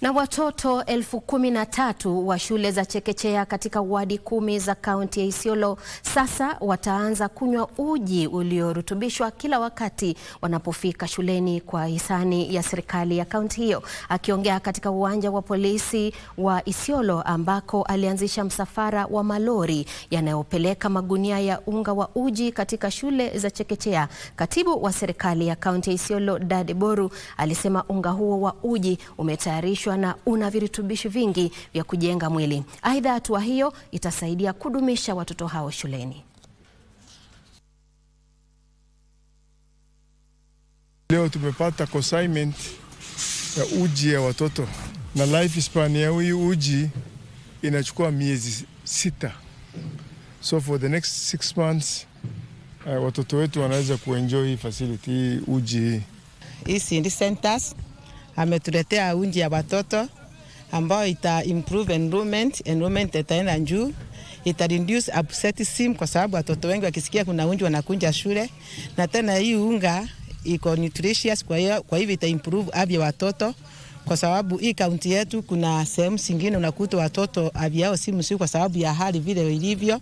Na watoto elfu kumi na tatu wa shule za chekechea katika wadi kumi za kaunti ya Isiolo sasa wataanza kunywa uji uliorutubishwa kila wakati wanapofika shuleni kwa hisani ya serikali ya kaunti hiyo. Akiongea katika uwanja wa polisi wa Isiolo ambako alianzisha msafara wa malori yanayopeleka magunia ya unga wa uji katika shule za chekechea, katibu wa serikali ya kaunti ya Isiolo Dade Boru alisema unga huo wa uji umetayarishwa umechemshwa na una virutubishi vingi vya kujenga mwili. Aidha, hatua hiyo itasaidia kudumisha watoto hao shuleni. Leo tumepata consignment ya uji ya watoto na life span ya huyu uji inachukua miezi sita, so for the next six months uh, watoto wetu wanaweza kuenjoy facility hii uji hii. Hii Centers ametuletea unji ya watoto ambayo ita improve enrollment, enrollment itaenda juu, ita reduce absenteeism kwa sababu watoto wengi wakisikia kuna unji wanakunja shule, na tena hii unga iko nutritious, kwa hiyo kwa hivyo ita improve afya watoto kwa sababu hii kaunti yetu kuna sehemu zingine unakuta watoto afya yao si mzuri kwa sababu ya hali vile ilivyo.